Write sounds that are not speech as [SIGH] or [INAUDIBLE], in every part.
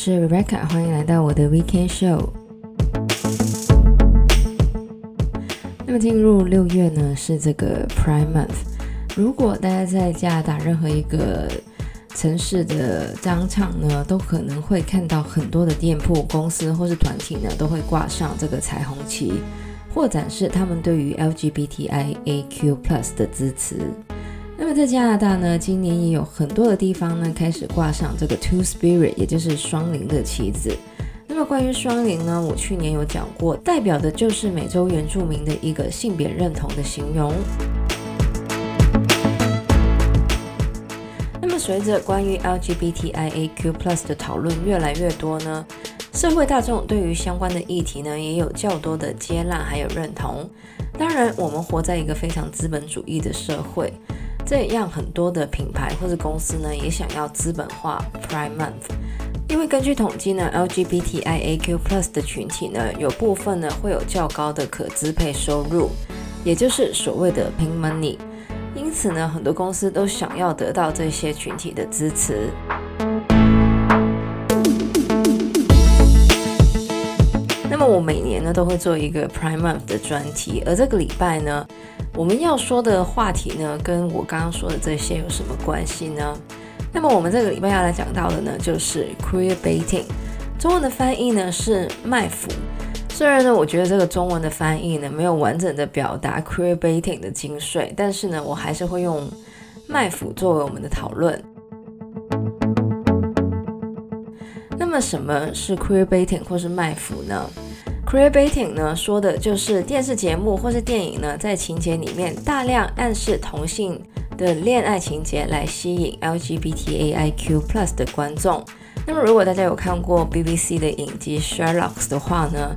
是 Rebecca，歡迎來到我的 Weekend Show。那麼進入六月呢，是這個 Pride Month。如果大家在加拿大任何一個城市的商場呢，都可能會看到很多的店鋪、公司或是團體呢，都會掛上這個彩虹旗，或展示他們對於 LGBTIAQ+ 的支持。那麼在加拿大呢，今年也有很多的地方呢開始掛上這個 Two Spirit，也就是雙靈的旗子。那麼關於雙靈呢，我去年有講過，代表的就是美洲原住民的一個性別認同的形容。嗯、那麼隨着關於 LGBTIAQ plus 的討論越來越多呢，社會大眾對於相關的議題呢也有較多的接納還有認同。當然，我們活在一個非常資本主義的社會。這樣很多的品牌或者公司呢，也想要資本化 Pride Month，因為根據統計呢，LGBTIAQ+ Plus 的群體呢，有部分呢會有較高的可支配收入，也就是所謂的 Pink Money，因此呢，很多公司都想要得到這些群體的支持。那麼我每年呢都會做一個 Pride Month 的專題，而這個禮拜呢，我們要說的話題呢，跟我剛剛說的這些有什麼關係呢？那麼我們這個禮拜要來講到的呢，就是 Queerbaiting，中文的翻譯呢是賣腐。雖然呢，我覺得這個中文的翻譯呢沒有完整的表達 Queerbaiting 的精髓，但是呢，我還是會用賣腐作為我們的討論。那麼什麼是 Queerbaiting 或是賣腐呢？Queerbaiting 呢，說的就是電視節目或是電影呢，在情節裡面大量暗示同性的戀愛情節來吸引 LGBTAIQ plus 的觀眾。那麼，如果大家有看過 BBC 的影集 Sherlock 的話呢，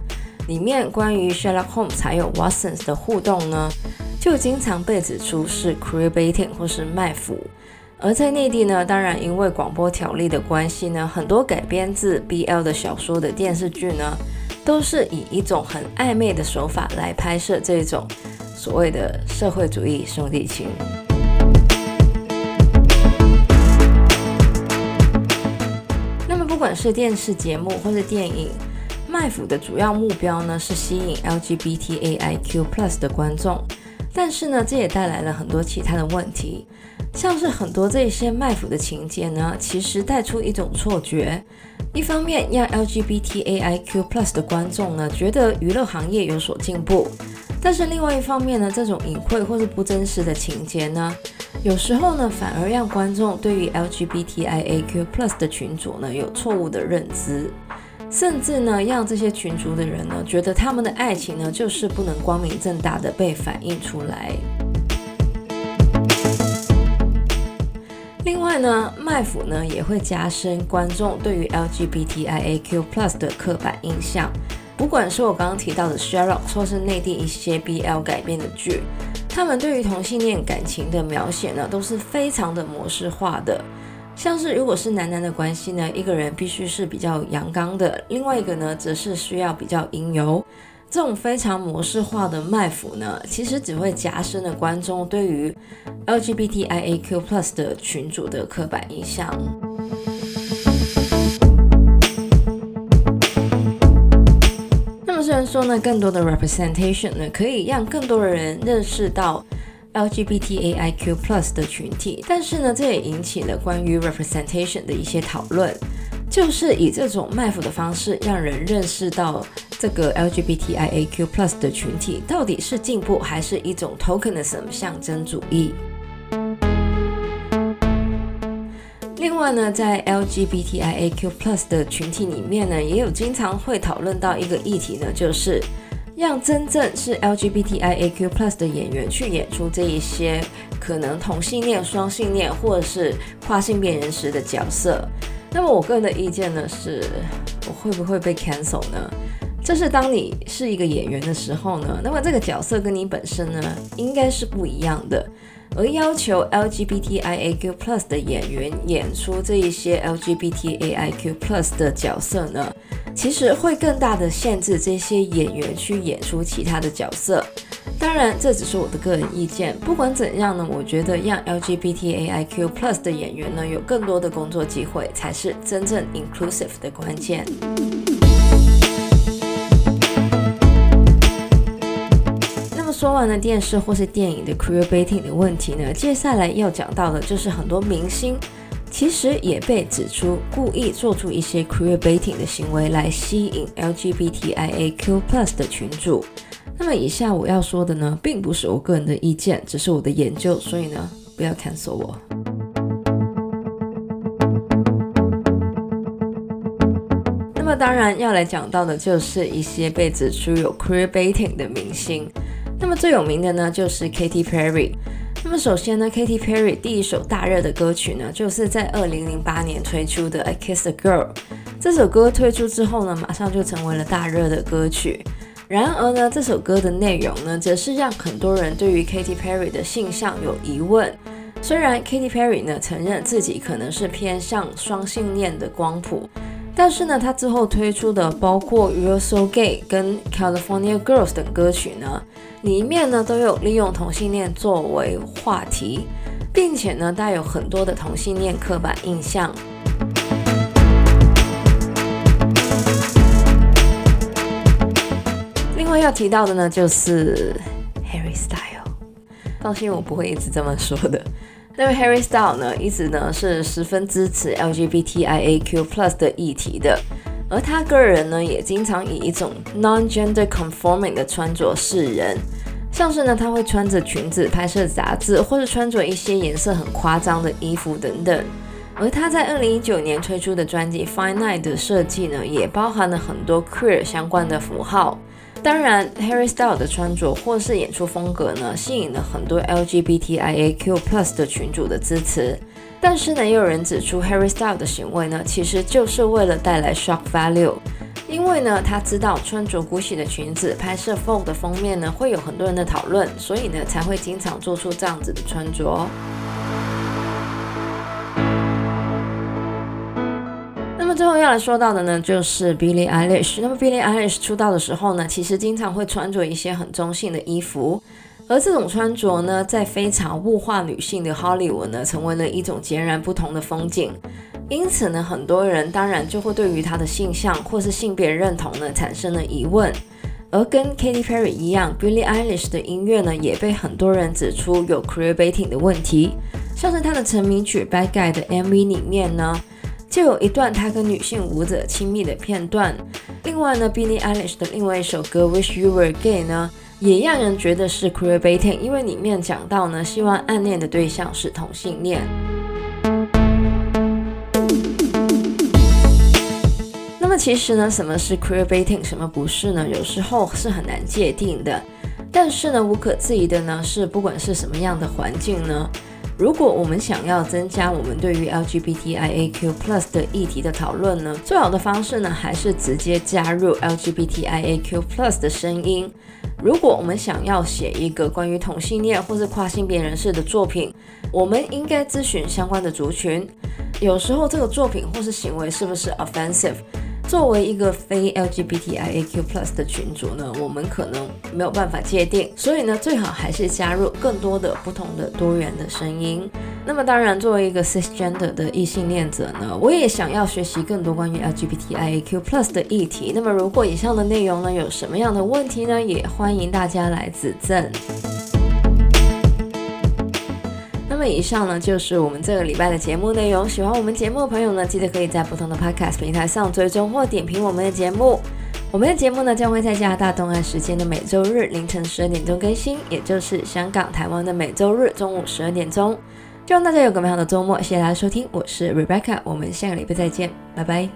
裡面關於 Sherlock Holmes 還有 Watson 的互動呢，就經常被指出是 Queerbaiting 或是賣腐。而在內地呢，當然因為廣播條例的關係呢，很多改編自 BL 的小說的電視劇呢。都是以一種很曖昧的手法來拍攝這種所謂的社會主義兄弟情。 [MUSIC] 那麼，不管是電視節目或是電影，賣腐的主要目標呢是吸引 LGBTAIQ Plus 的觀眾，但是呢，這也帶來了很多其他的問題。像是很多這些賣腐的情節呢，其實帶出一種錯覺，一方面讓 LGBTAIQ Plus 的觀眾呢覺得娛樂行業有所進步，但是另外一方面呢，這種隱晦或是不真實的情節呢，有時候呢反而讓觀眾對於 LGBTAIQ Plus 的群組呢有錯誤的認知，甚至呢讓這些群組的人呢覺得他們的愛情呢就是不能光明正大的被反映出來。另外呢，賣腐呢也會加深觀眾對於 LGBTIAQ+ 的刻板印象。不管是我剛剛提到的《Sherlock》，或是內地一些 BL 改編的劇，他們對於同性戀感情的描寫呢，都是非常的模式化的。像是如果是男男的關係呢，一個人必須是比較陽剛的，另外一個呢，則是需要比較陰柔。這種非常模式化的賣腐呢，其實只會加深了觀眾對於 LGBTIAQ+ 的群主的刻板印象。那麼，雖然說呢，更多的 representation 呢，可以讓更多的人認識到 LGBTIAQ+ 的群體，但是呢，這也引起了關於 representation 的一些討論，就是以這種賣腐的方式讓人認識到。這個 LGBTIAQ+ 的群體到底是進步，還是一種 tokenism 象徵主義？另外呢，在 LGBTIAQ+ 的群體裡面呢，也有經常會討論到一個議題呢，就是讓真正是 LGBTIAQ+ 的演員去演出這一些可能同性戀、雙性戀或者是跨性別人士的角色。那麼我個人的意見呢，是我會不會被 cancel 呢？這是當你是一個演員的時候呢，那麼這個角色跟你本身呢，應該是不一樣的。而要求 LGBTIAQ+ 的演員演出這一些 LGBTIAQ+ 的角色呢，其實會更大的限制這些演員去演出其他的角色。當然，這只是我的個人意見。不管怎樣呢，我覺得讓 LGBTIAQ+ 的演員呢，有更多的工作機會，才是真正 inclusive 的關鍵。說完了電視或是電影的 queer baiting 的問題呢，接下來要講到的就是很多明星其實也被指出故意做出一些 queer baiting 的行為來吸引 LGBTIAQ plus 的群組。那麼以下我要說的呢，並不是我個人的意見，只是我的研究，所以呢，不要 cancel 我。那麼當然要來講到的就是一些被指出有 queer baiting 的明星。那麼最有名的呢，就是 Katy Perry。那麼首先呢，Katy Perry 第一首大熱的歌曲呢，就是在2008年推出的《I Kissed a Girl》。這首歌推出之後呢，馬上就成為了大熱的歌曲。然而呢，這首歌的內容呢，則是讓很多人對於 Katy Perry 的性向有疑問。雖然 Katy Perry 呢承認自己可能是偏向雙性戀的光譜。但是呢，他之後推出的包括《Ur So Gay》跟《California Girls》等歌曲呢，裡面呢都有利用同性戀作為話題，並且呢帶有很多的同性戀刻板印象。 [MUSIC] 另外要提到的呢，就是《Harry Style》，放心，我不會一直這麼說的。因為 Harry Styles 呢，一直呢是十分支持 LGBTIAQ+ plus 的議題的，而他個人呢也經常以一種 non-gender conforming 的穿着示人，像是呢他會穿着裙子拍攝雜誌，或者穿着一些顏色很誇張的衣服等等。而他在二零一九年推出的專輯《Fine Line》的設計呢，也包含了很多 queer 相關的符號。當然，Harry Styles 的穿着或是演出風格呢，吸引了很多 LGBTIAQ+ 的群主的支持。但是呢，也有人指出 Harry Styles 的行為呢，其實就是為了帶來 shock value，因為呢，他知道穿着 Gucci 的裙子拍攝 Vogue 的封面呢，會有很多人的討論，所以呢，才會經常做出這樣子的穿着。最後要來說到的呢，就是 Billie Eilish。那麼 Billie Eilish 出道的時候呢，其實經常會穿着一些很中性的衣服，而這種穿着呢，在非常物化女性的 Hollywood 呢，成為了一種截然不同的風景。因此呢，很多人當然就會對於她的性向或是性別認同呢，產生了疑問。而跟 Katy Perry 一樣，Billie Eilish 的音樂呢，也被很多人指出有 queerbaiting 的問題，像是她的成名曲《Bad Guy》的 MV 裡面呢。就有一段他跟女性舞者親密的片段。另外呢，Billie Eilish 的另外一首歌《Wish You Were Gay》呢，也讓人覺得是 Queer baiting，因為裡面講到呢，希望暗戀的對象是同性戀。 [NOISE] 那麼其實呢，什麼是 Queer baiting，什麼不是呢？有時候是很難界定的。但是呢，無可置疑的呢，是不管是什麼樣的環境呢。如果我們想要增加我們對於 LGBTIAQ Plus 的議題的討論呢，最好的方式呢，還是直接加入 LGBTIAQ Plus 的聲音。如果我們想要寫一個關於同性戀或是跨性別人士的作品，我們應該諮詢相關的族群。有時候這個作品或是行為是不是 offensive？作為一個非 LGBTIAQ+ 的群主呢，我們可能沒有辦法界定，所以呢，最好還是加入更多的不同的多元的聲音。那麼，當然，作為一個 cisgender 的異性戀者呢，我也想要學習更多關於 LGBTIAQ+ 的議題。那麼，如果以上的內容呢，有什麼樣的問題呢，也歡迎大家來指正。那麼以上呢，就是我們這個禮拜的節目內容。喜歡我們節目的朋友呢，記得可以在不同的 Podcast 平台上追蹤或點評我們的節目。我們的節目呢，將會在加拿大東岸時間的每周日凌晨十二點鐘更新，也就是香港、台灣的每周日中午十二點鐘。希望大家有個美好的周末，謝謝大家收聽，我是 Rebecca，我們下個禮拜再見，拜拜。